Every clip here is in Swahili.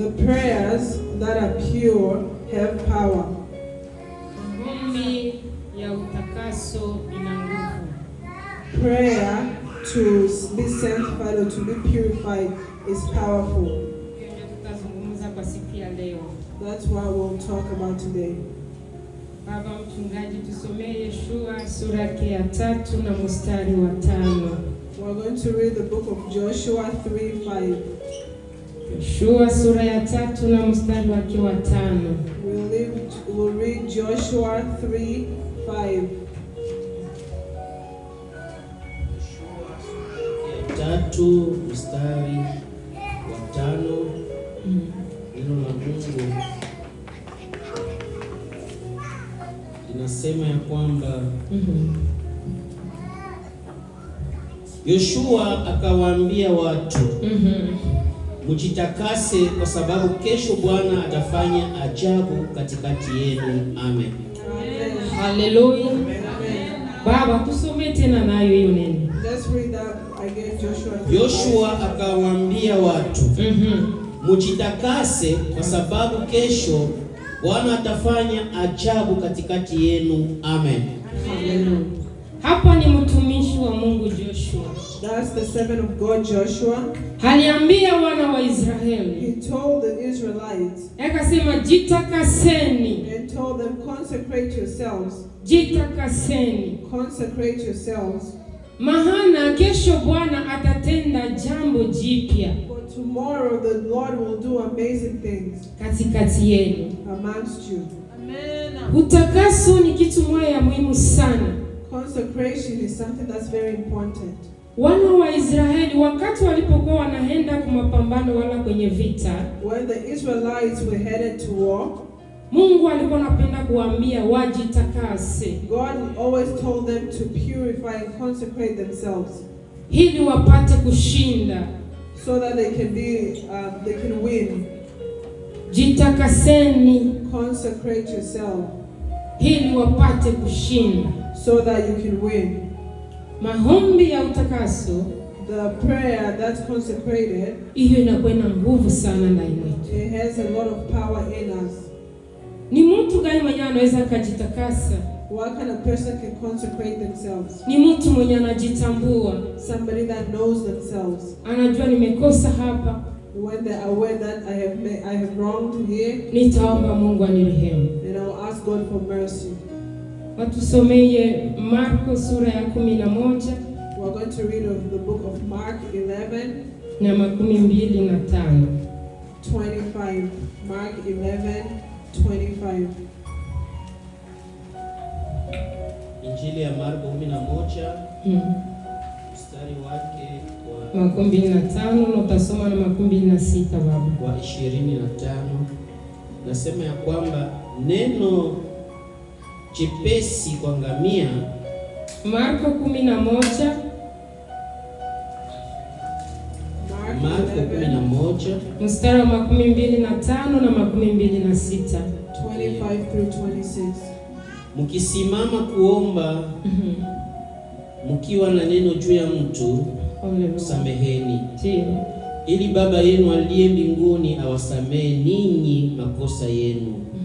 The prayers that are pure have power. Prayer to be sanctified or to be purified is powerful. That's what we'll talk about today. Baba mchungaji, tusomee Yeshua sura yake ya tatu na mstari wa tano. We're going to read the book of Joshua 3:5. Yoshua sura ya tatu na mstari wake wa tano. We'll read Joshua 3:5. Tatu mstari wa tano. Neno la Mungu inasema ya kwamba Yoshua akawaambia watu mm-hmm. Mm-hmm mjitakase, kwa sababu kesho Bwana atafanya ajabu katikati yenu. Amen, haleluya. Baba, tusome tena nayo hiyo neno. Yoshua akawaambia watu, mujitakase, mhm. kwa sababu kesho Bwana atafanya ajabu katikati yenu. Amen, haleluya. Hapa ni mtumishi wa Mungu Joshua. That's the servant of God Joshua aliambia wana wa Israeli, akasema jitakaseni, jitakaseni, maana kesho Bwana atatenda jambo jipya katikati yenu. Utakaso ni kitu moja ya muhimu sana. Consecration is something that's very important. Wana wa Israeli wakati walipokuwa wanaenda kwa mapambano wala kwenye vita, when the Israelites were headed to war, Mungu alikuwa anapenda kuambia wajitakase. God always told them to purify and consecrate themselves ili wapate kushinda, so that they can be uh, they can win. Jitakaseni, consecrate yourself ili wapate kushinda, so that you can win maombi ya utakaso the prayer that's consecrated, hiyo inakuwa na nguvu sana ndani yetu. It has a lot of power in us. Ni mtu gani mwenye anaweza kujitakasa What kind of person can consecrate themselves? Ni mtu mwenye anajitambua. Somebody that knows themselves. Anajua nimekosa hapa. When they are aware that I have made, I have wronged here. Nitaomba Mungu anirehemu. And I will ask God for mercy watusomeye Marko sura ya kumi na moja We're na makumi mbili na tano 25 Injili ya Marko 11 mm. mstari wake wa makumi mbili na tano na utasoma na makumi mbili na sita baba wa 25 nasema ya kwamba neno chepesi kwa ngamia. Marko 11 Marko 11 mstari wa makumi mbili na tano na makumi mbili na sita 25 through 26. Mkisimama kuomba mhm. mkiwa na neno juu ya mtu sameheni, ili Baba yenu aliye mbinguni awasamehe ninyi makosa yenu.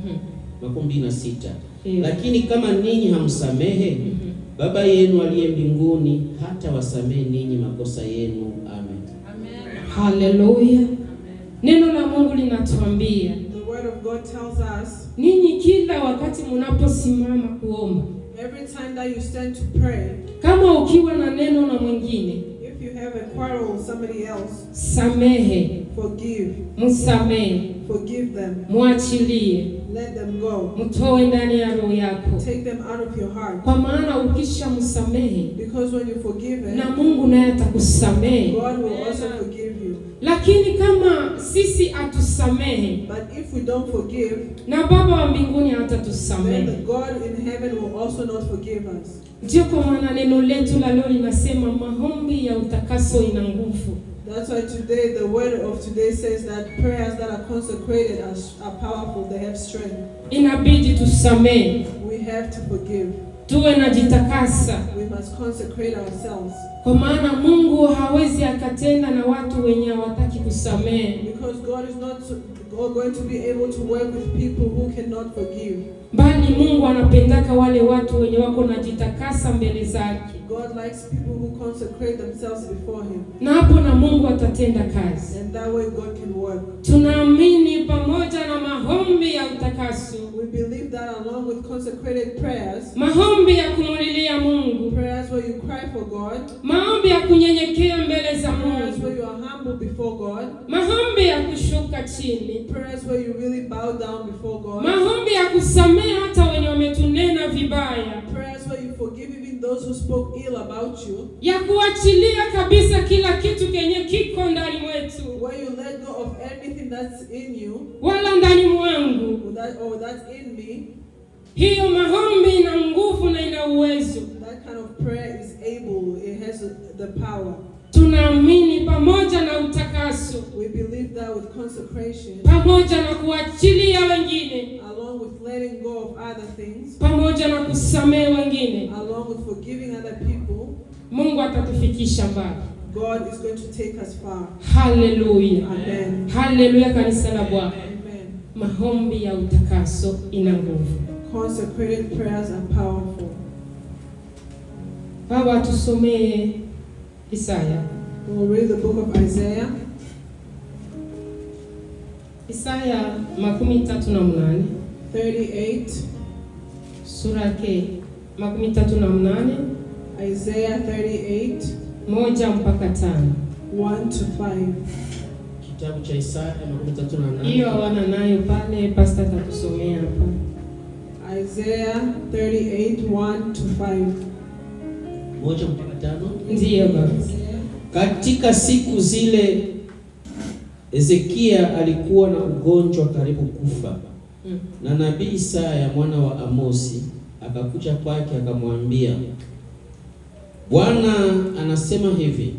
Mhm. makumi mbili na sita lakini kama ninyi hamsamehe mm -hmm. Baba yenu aliye mbinguni hata wasamehe ninyi makosa yenu. Amen. Amen. Haleluya. Neno la Mungu linatuambia ninyi kila wakati mnaposimama kuomba, every time that you stand to pray, kama ukiwa na neno na mwingine samehe, msamehe, mwachilie Let them go. Mtoe ndani ya roho yako. Take them out of your heart. Kwa maana ukishamsamehe na Mungu naye atakusamehe. God will also forgive you. Lakini kama sisi atusamehe But if we don't forgive, na Baba wa mbinguni hatatusamehe. Ndio kwa maana neno letu la leo linasema maombi ya utakaso ina nguvu. That's why today, the word of today says that prayers that are consecrated are, are powerful, they have strength. Inabidi tusamehe. We have to forgive. Tuwe najitakasa. We must consecrate ourselves. Kwa maana Mungu hawezi akatenda na watu wenye hawataki kusamehe. Because God is not going to be able to work with people who cannot forgive. Bali Mungu anapendaka wale watu wenye wako na jitakasa mbele zake. God likes people who consecrate themselves before him. Na hapo na Mungu atatenda kazi. And that way God can work. Tunaamini pamoja na maombi ya utakaso. We believe that along with consecrated prayers. Maombi ya kumulilia Mungu. Prayers where you cry for God. Maombi ya kunyenyekea mbele za Mungu. Prayers where you are humble before God. Maombi ya kushuka chini. Prayers where you really bow down before God. Maombi ya kusamehe hata those who spoke ill about you, ya kuachilia kabisa kila kitu kenye kiko ndani mwetu, where you let go of anything that's in you, wala ndani mwangu, that, or that's in me. Hiyo maombi ina nguvu na ina uwezo. That kind of prayer is able, it has the power tunaamini pamoja na utakaso, we believe that with consecration, pamoja na kuachilia wengine, along with letting go of other things, pamoja na kusamehe wengine, along with forgiving other people, Mungu atatufikisha mbali. God is going to take us far. Hallelujah. Amen. Hallelujah, kanisa la Bwana. Amen. Maombi ya utakaso ina nguvu. Consecrated prayers are powerful. Baba, tusomee Isaiah. We will read the book of Isaiah. Isaiah makumi tatu na mnane 38 sura yake makumi tatu na mnane Isaiah 38 moja mpaka tano 1 to 5 Kitabu cha Isaya makumi tatu na mnane hiyo hawana nayo pale, pasta atatusomea hapa Isaiah 38 1 to 5 moja mpaka tano? Ndiyo baba. Katika siku zile Hezekia alikuwa na ugonjwa karibu kufa, hmm. na nabii Isaya mwana wa Amosi akakuja kwake akamwambia, Bwana anasema hivi,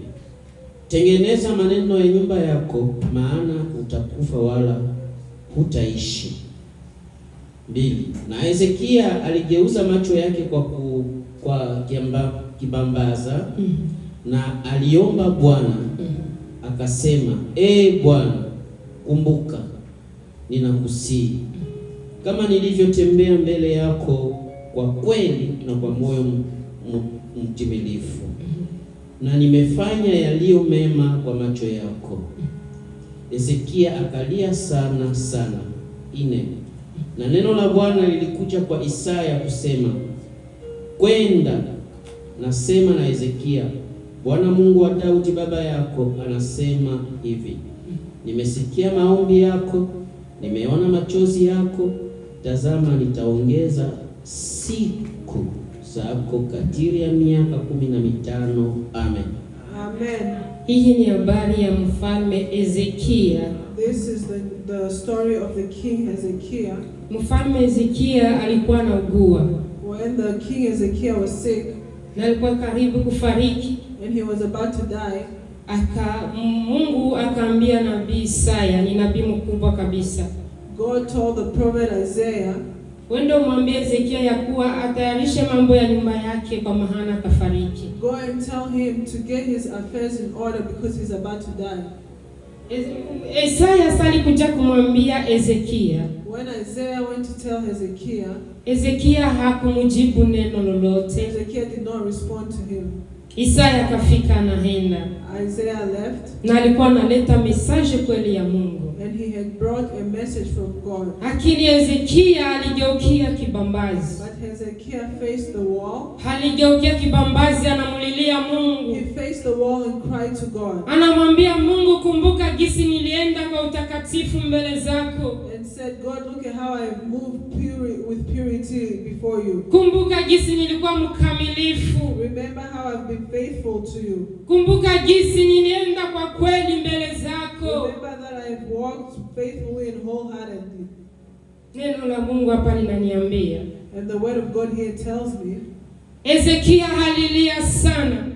tengeneza maneno ya nyumba yako, maana utakufa wala hutaishi. Mbili. Na Hezekia aligeuza macho yake kwa, ku, kwa kiambaa Kibambaza mm -hmm. na aliomba Bwana mm -hmm. akasema, ee Bwana, kumbuka ninakusii mm. kama nilivyotembea mbele yako kwa kweli na kwa moyo mtimilifu mm. na nimefanya yaliyo mema kwa macho yako. Mm. Hezekia akalia sana sana. Ine, na neno la Bwana lilikuja kwa Isaya kusema, kwenda nasema na Hezekia, Bwana Mungu wa Daudi baba yako anasema hivi, nimesikia maombi yako, nimeona machozi yako. Tazama, nitaongeza siku zako kadiri ya miaka kumi na mitano. Amen, amen. Hii ni habari ya mfalme Hezekia. This is the, the story of the king Hezekia. Mfalme Hezekia alikuwa anaugua. When the king Hezekia was sick na alikuwa karibu kufariki and he was about to die. Aka Mungu akaambia nabii Isaya, ni nabii mkubwa kabisa. God told the prophet Isaiah, wewe ndio mwambie ya kuwa atayarishe mambo ya nyumba yake kwa maana atafariki. Go and tell him to get his affairs in order because he's about to die. Isaya alikuja kumwambia Ezekia. When Isaiah went to tell Hezekiah, Ezekia hakumjibu neno lolote. did not respond to him. Isaya akafika anaenda, Isaiah left, na alikuwa analeta mesaje kweli ya Mungu, and he had brought a message from God. Lakini Hezekia aligeukia kibambazi, but faced the wall. Aligeukia kibambazi, anamulilia Mungu, he faced the wall and cried to God. Anamwambia Mungu, kumbuka gisi nilienda kwa utakatifu mbele zako and and said, God, look at how I moved pure with purity before you. Remember how I've been faithful to you. kwa kweli mbele zako. Remember that I walked faithfully and wholeheartedly. And the word of God here tells me. Ezekia halilia sana.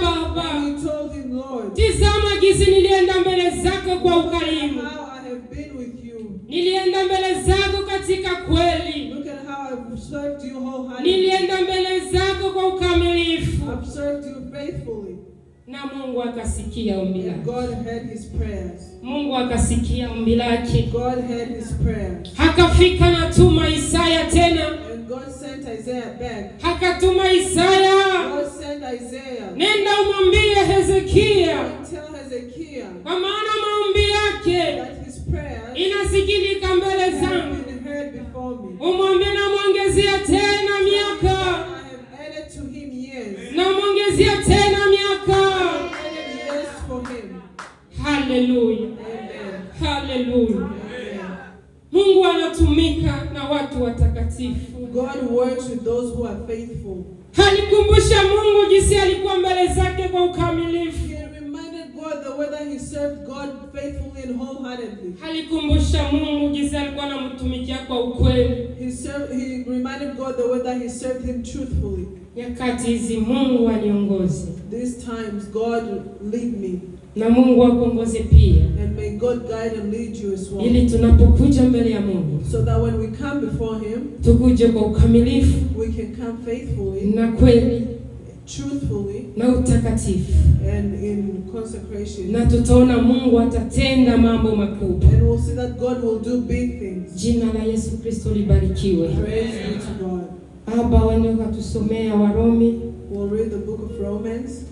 Baba, tizama jinsi nilienda mbele zako kwa ukarimu, nilienda mbele zako katika kweli, nilienda mbele zako kwa ukamilifu na Mungu akasikia ombi lake. Mungu akasikia ombi lake, hakafika na tuma Isaya tena akatuma Isaya, nenda umwambie Hezekia, kwa maana maombi yake inasikilika mbele zangu. Umwambie namwongezea tena miaka, namwongezia tena miaka. Haleluya, haleluya. Mungu anatumika na watu watakatifu. God works with those who are faithful. Alikumbusha Mungu jinsi alikuwa mbele zake kwa ukamilifu. He reminded God the way that he served God faithfully and wholeheartedly. Alikumbusha Mungu jinsi alikuwa anamtumikia kwa ukweli. He served, he reminded God the way that he served him truthfully. Nyakati hizi Mungu aniongoze. These times God lead me na Mungu akuongoze pia, and may God guide and lead you as well, ili tunapokuja mbele ya Mungu, so that when we come before him, tukuje kwa ukamilifu, we can come faithfully, na kweli, truthfully, na utakatifu, and in consecration, na tutaona Mungu atatenda mambo makubwa, and we'll see that God will do big things. Jina la Yesu Kristo libarikiwe. Praise be to God. Aba wanaweza tusomea Warumi, we'll read the book of Romans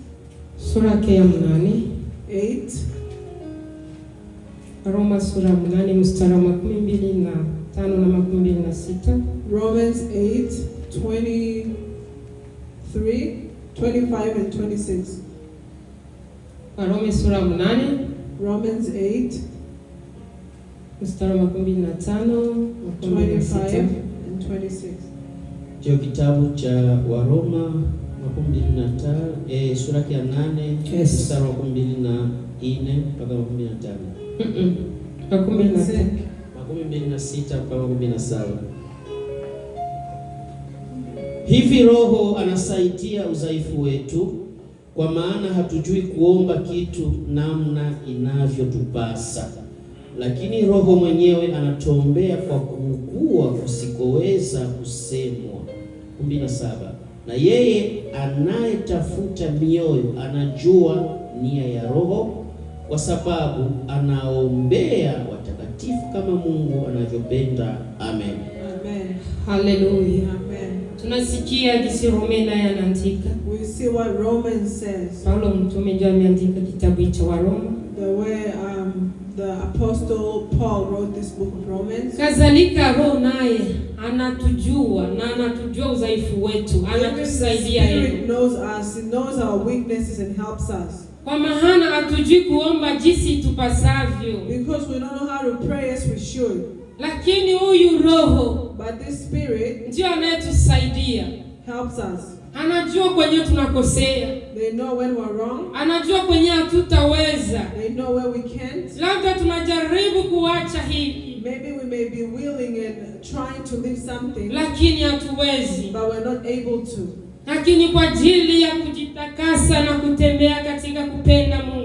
sura ya 8 8 Roma sura mnane mstari wa makumi mbili na tano na makumi mbili na sita Romans 8 23 25 and 26 Warumi sura mnane Romans 8 mstari wa makumi mbili na tano makumi mbili na sita ndio kitabu cha Waroma makumi mbili na tano eh, sura ya nane yes. mstari wa mbili na nne mpaka makumi mbili na tano makumi mbili na sita mpaka makumi mbili na saba Hivi Roho anasaidia udhaifu wetu, kwa maana hatujui kuomba kitu namna inavyotupasa, lakini Roho mwenyewe anatuombea kwa kuugua kusikoweza kusemwa. kumi na saba na yeye anayetafuta mioyo anajua nia ya Roho, kwa sababu anaombea watakatifu kama Mungu anavyopenda. Amen, amen, haleluya, amen. Tunasikia jinsi Waroma yanaandika, we see what Romans says. Paulo mtume ndio ameandika kitabu hicho Waroma the way the apostle Paul wrote this book of Romans. Kadhalika Roho naye anatujua na anatujua udhaifu wetu, anatusaidia yeye. Spirit knows us, he knows our weaknesses and helps us. Kwa maana hatujui kuomba jinsi tupasavyo. Because we don't know how to pray as we should. Lakini huyu Roho, but this Spirit ndio anayetusaidia. Helps us. Anajua kwenye tunakosea. They know when we're wrong. Anajua kwenye hatutaweza. They know where we can't. Labda tunajaribu kuacha hivi Maybe we may be willing and trying to leave something. Lakini hatuwezi. But we're not able to. Lakini kwa ajili ya kujitakasa na kutembea katika kupenda Mungu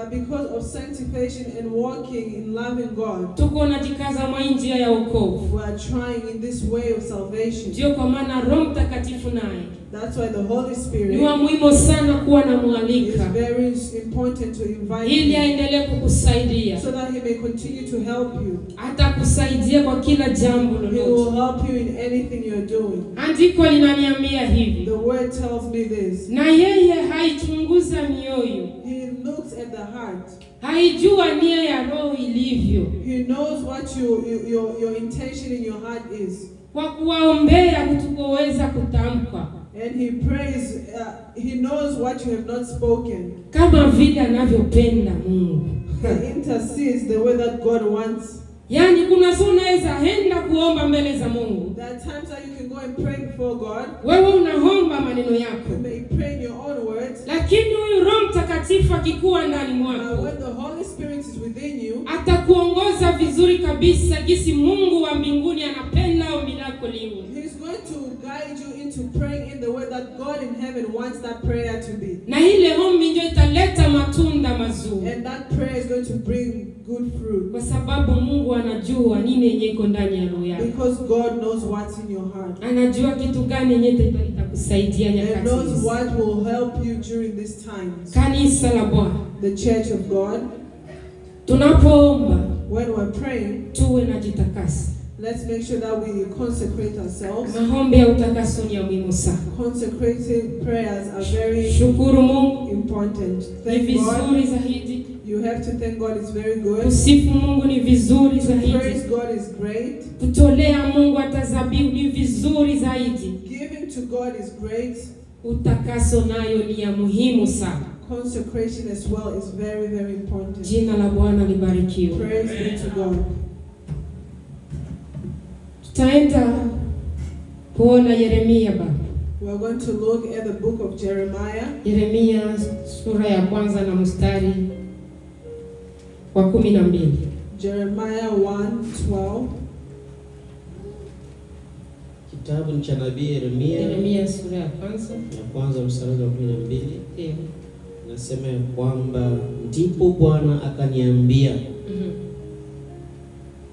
but because of sanctification and walking in loving God. Tuko najikaza mwa njia ya wokovu. We are trying in this way of salvation. Ndio kwa maana Roho Mtakatifu naye. That's why the Holy Spirit. Ni muhimu sana kuwa na mwaliko. It's very important to invite. Ili aendelee kukusaidia. So that he may continue to help you. Atakusaidia kwa kila jambo lolote. He will help you in anything you're doing. Andiko linaniambia hivi. The word tells me this. Na yeye haichunguza mioyo. He looks at the heart. Haijua nia ya roho ilivyo. He knows what you, you, your, your intention in your heart is. Kwa kuwaombea kutukoweza kutamka. And he prays, uh, he knows what you have not spoken. Kama vile anavyopenda Mungu. He intercedes the way that God wants. Yaani kuna saa unaweza enda kuomba mbele za Mungu. There are times that you can go and pray before God. Wewe unaomba maneno yako. You may pray in your own words. Lakini huyu Roho Mtakatifu akikuwa ndani mwako. When the Holy Spirit is within you. Atakuongoza vizuri kabisa jinsi Mungu wa mbinguni anapenda ombi lako liwe. He going to guide you to pray in the way that God in heaven wants that prayer to be. Na ile ombi ndio italeta matunda mazuri. And that prayer is going to bring good fruit. Kwa sababu Mungu anajua nini yenye iko ndani ya roho yako. Because God knows what's in your heart. Anajua kitu gani yenye itakusaidia nyakati And knows what will help you during these times. Kanisa la Bwana. The church of God. Tunapoomba. When we're praying. Tuwe na jitakasi. Let's make sure that we consecrate ourselves. Maombi ya utakaso ni muhimu sana. Consecrated prayers are very Shukuru Mungu. important. Thank ni vizuri zaidi. You have to thank God it's very good. Kusifu Mungu ni vizuri zaidi. Praise God is great. Kutolea Mungu atazabiu ni vizuri zaidi. Giving to God is great. Utakaso nayo ni ya muhimu sana. Consecration as well is very very important. Jina la Bwana libarikiwe. Praise be to God taenda kuona Yeremia ba. We are going to look at the book of Jeremiah. Yeremia sura ya kwanza na mstari wa 12. Jeremiah 1:12. Kitabu cha nabii Yeremia. Yeremia sura ya kwanza. Ya kwanza mstari wa Yeah. Nasema ya kwamba ndipo Bwana akaniambia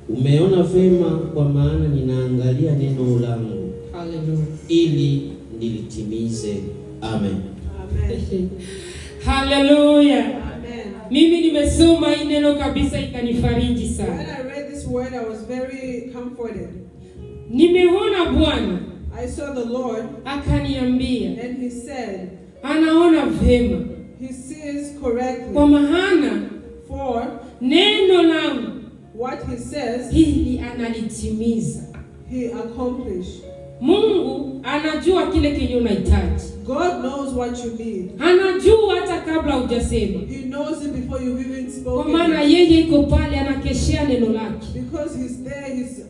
umeona vema, kwa maana ninaangalia neno langu. Haleluya, ili nilitimize. Amen, amen. Haleluya, Mimi nimesoma hii neno kabisa, ikanifariji sana. When I read this word, I was very comforted. Nimeona Bwana, I saw the Lord, akaniambia, and he said, anaona vema, he sees correctly, kwa maana for neno What he says, hili analitimiza. He accomplished. Mungu anajua kile kenye unahitaji. God knows what you need. Anajua hata kabla hujasema. He knows it before you've even spoken. Kwa maana yeye iko pale anakeshea neno lake. Because he's there, he's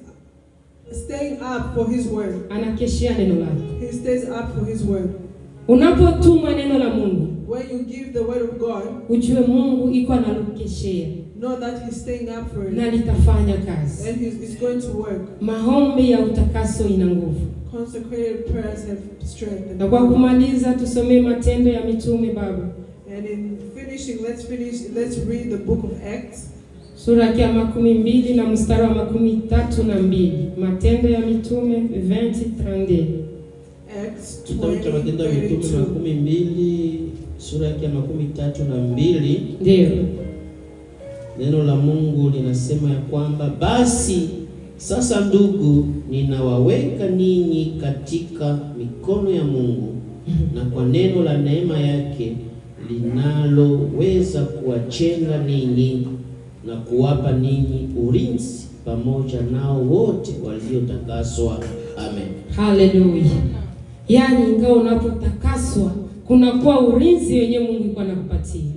staying up for his word. Anakeshea neno lake. He stays up for his word. Unapotuma neno la Mungu. When you give the word of God, ujue Mungu iko analokeshea. Know that he's staying up for it. Na litafanya kazi. And he's, he's going to work. Maombi ya utakaso ina nguvu. Consecrated prayers have strength. Na kwa kumaliza tusomee Matendo ya Mitume baba. And in finishing, let's finish, let's read the book of Acts. Sura ya makumi mbili na mstari wa makumi tatu na mbili. Matendo ya Mitume 20:32. Acts 20:32. Matendo ya Mitume makumi mbili sura ya makumi tatu na mbili. Ndio. Neno la Mungu linasema ya kwamba basi sasa ndugu, ninawaweka ninyi katika mikono ya Mungu na kwa neno la neema yake linaloweza kuwachenga ninyi na kuwapa ninyi ulinzi pamoja nao wote waliotakaswa. Amen, haleluya. Yaani, ingawa unapotakaswa kunakuwa ulinzi wenye Mungu anakupatia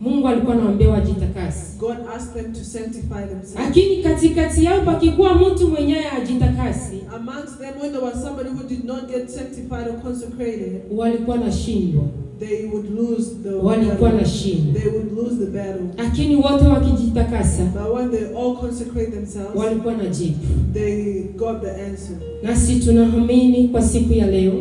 Mungu alikuwa anawaambia wajitakase. God asked them to sanctify themselves. Lakini katikati yao pakikuwa mtu mwenyewe ajitakase. them when there was somebody who did not get sanctified or consecrated. Walikuwa na They would lose the walikuwa na They would lose the battle. Lakini wote wakijitakasa. But when they all consecrate themselves. Walikuwa na jibu. They got the answer. Nasi tunaamini kwa siku ya leo.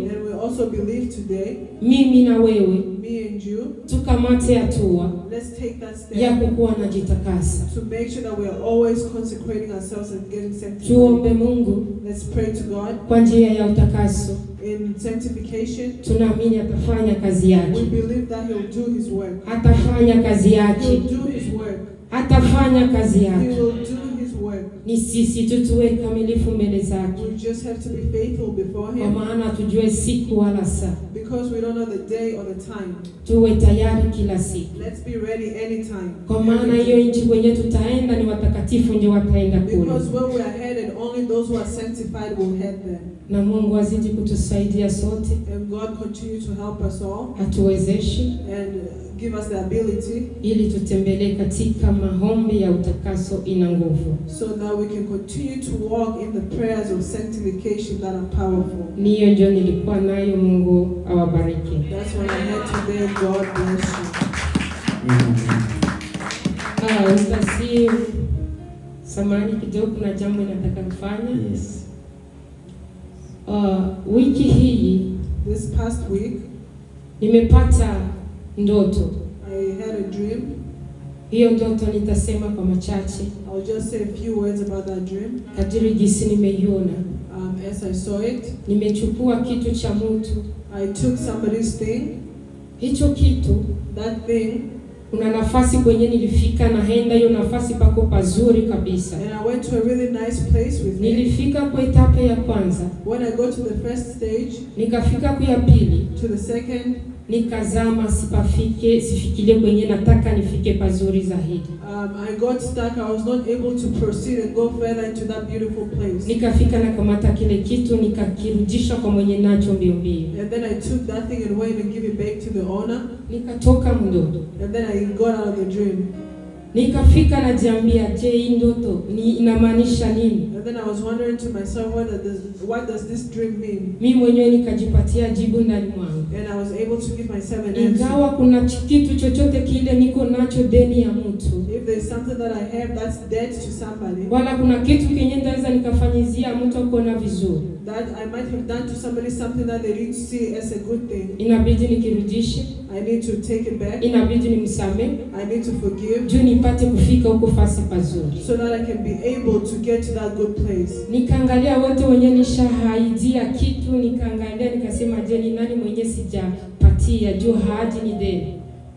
also believe today. Mimi na wewe. Me and you. Tukamate hatua let's take that step ya kukuwa najitakasa. To make sure that we are always consecrating ourselves and getting sanctified. Tuombe Mungu. Let's pray to God. Kwa njia ya utakaso. In sanctification. Tunaamini atafanya kazi yake. We believe that he'll do his work. Atafanya kazi yake. he'll do his work. Atafanya kazi yake. He will do ni sisi tu tuwe kamilifu mbele zake, kwa maana tujue siku wala saa. Tuwe tayari kila siku, kwa maana hiyo nchi kwenye tutaenda ni watakatifu ndio wataenda kule, na Mungu azidi kutusaidia sote, atuwezeshe uh, Give us the ability ili tutembelee katika maombi ya utakaso ina nguvu so that we can continue to walk in the prayers of sanctification that are powerful. Niyo ndio nilikuwa nayo, Mungu awabariki. That's what I had today. God bless you. Ah, ustasi, samahani kidogo, kuna jambo nataka kufanya. Yes. Uh, wiki hii, this past week, nimepata ndoto. I had a dream. Hiyo ndoto nitasema kwa machache. I'll just say a few words about that dream. Kadiri jinsi nimeiona. Um, as I saw it. Nimechukua kitu cha mtu. I took somebody's thing. Hicho kitu. That thing. Kuna nafasi kwenye nilifika naenda hiyo nafasi pako pazuri kabisa. And I went to a really nice place with nilifika kwa etape ya kwanza. When I go to the first stage. Nikafika kwa ya pili. To the second nikazama, sipafike, sifikilie kwenye nataka nifike pazuri zaidi. Um, I got stuck. I was not able to proceed and go further into that beautiful place. kile kitu nikakirudisha kwa mwenye nacho mbio mbio. And then I took that thing and went and it back to the owner. Nikatoka mdodo. And then I got out of the dream. Nikafika najiambia, je, hii ndoto ni inamaanisha nini? And then I was wondering to myself what does what does this dream mean? Mimi mwenyewe nikajipatia jibu ndani mwangu. And I was able to give myself an answer. Ingawa kuna kitu chochote kile niko nacho deni ya mtu. If there's something that I have that's debt to somebody. Wala kuna kitu kenye ndaweza nikafanyizia mtu akuona vizuri. That I might have done to somebody something that they didn't see as a good thing. Inabidi nikirudishe. I need to take it back. Inabidi nimsamehe. I need to forgive. Juu nipate kufika huko fasi pazuri, so that I can be able to get to that good place. Nikaangalia wote wenye nishahaidia kitu, nikaangalia nikasema, je, ni nani mwenye sijapatia? Juu haji ni deni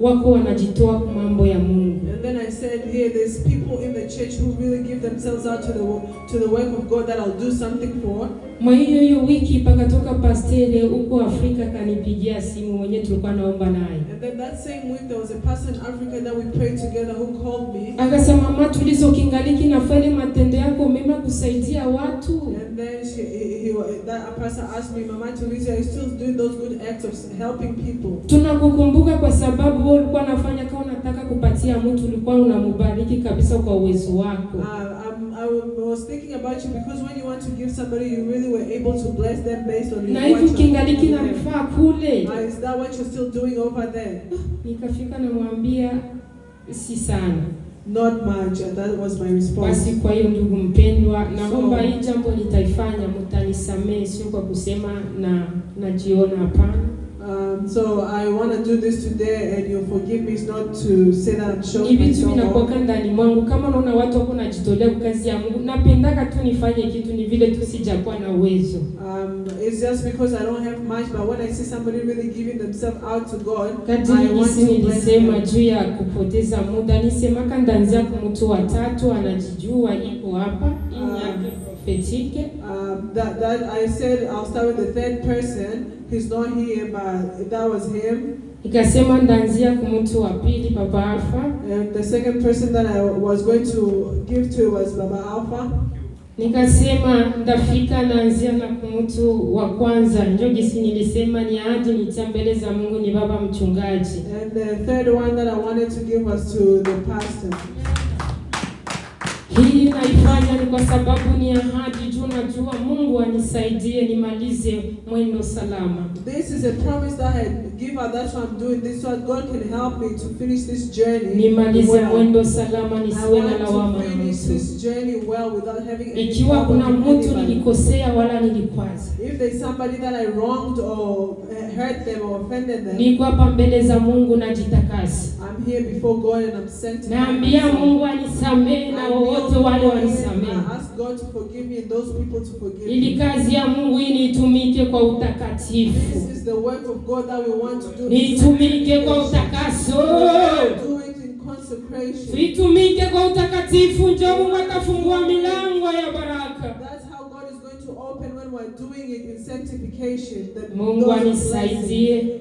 wako wanajitoa kwa mambo ya Mungu. And then I said here yeah, there's people in the church who really give themselves out to the to the work of God that I'll do something for. Mwa hiyo hiyo wiki pakatoka pastele huko Afrika kanipigia simu mwenye tulikuwa naomba naye then that same week there was a person in Africa that we prayed together who called me. Akasema mama, tulizokingaliki na fanye matendo yako mema kusaidia watu. And then she, he, he, that person asked me, Mama are you still doing those good acts of helping people? Tunakukumbuka kwa sababu wewe ulikuwa unafanya kama unataka kupatia mtu, ulikuwa unamubariki kabisa kwa uwezo wako. Uh, um, I was thinking about you because when you want to give somebody you really were able to bless them based on the Na hivi kingaliki na mfaa kule is that what you're still doing over there? Nikafika namwambia si sana. Not much, and that was my response. Basi kwa hiyo ndugu mpendwa, naomba hii jambo nitaifanya, mtanisamehe, sio kwa kusema na najiona, hapana. Ni vitu vinakuwaka ndani mwangu. Kama unaona watu wako jitolea kwa kazi ya Mungu, napendaka tu nifanye kitu, ni vile tu sijakuwa na uwezo kadiri nilisema juu ya kupoteza muda, nisemaka ndanzia ku mtu watatu anajijua ipo hapa um, Fatigue. Uh, that, that I said I'll start with the third person. He's not here, but that was him. Ikasema kumtu wa pili Baba And the second person that I was going to give to was Baba Alpha. Nikasema ndafika naanzia na kumtu wa kwanza, ndio nilisema ni aje nitia mbele za Mungu ni baba mchungaji. And the third one that I wanted to give was to the pastor. Hii naifanya ni kwa sababu ni ahadi juu najua Mungu anisaidie nimalize mwendo salama. This is a promise that I had give her that I'm doing this so God can help me to finish this journey. Nimalize mwendo salama nisiwe na lawama. Finish this journey well without having any. Ikiwa kuna mtu nilikosea wala nilikwaza. If there's somebody that I wronged or uh, hurt them or offended them. Niko hapa mbele za Mungu najitakasa. I'm here before God and I'm sent. Naambia Mungu anisamehe wale wanisamehe. Ili kazi ya Mungu hii nitumike kwa utakatifu, nitumike kwa utakaso, itumike kwa utakatifu. njo Mungu atafungua milango ya baraka. Mungu anisaidie.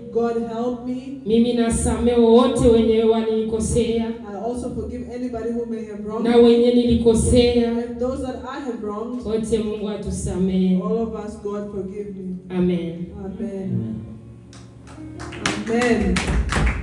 Mimi nasamehe wote wenye wanikosea also forgive anybody who may have wronged me. Na wenye nilikosea. And those that I have wronged. Wote Mungu atusamehe. All of us, God forgive me. Amen. Amen. Amen. Amen.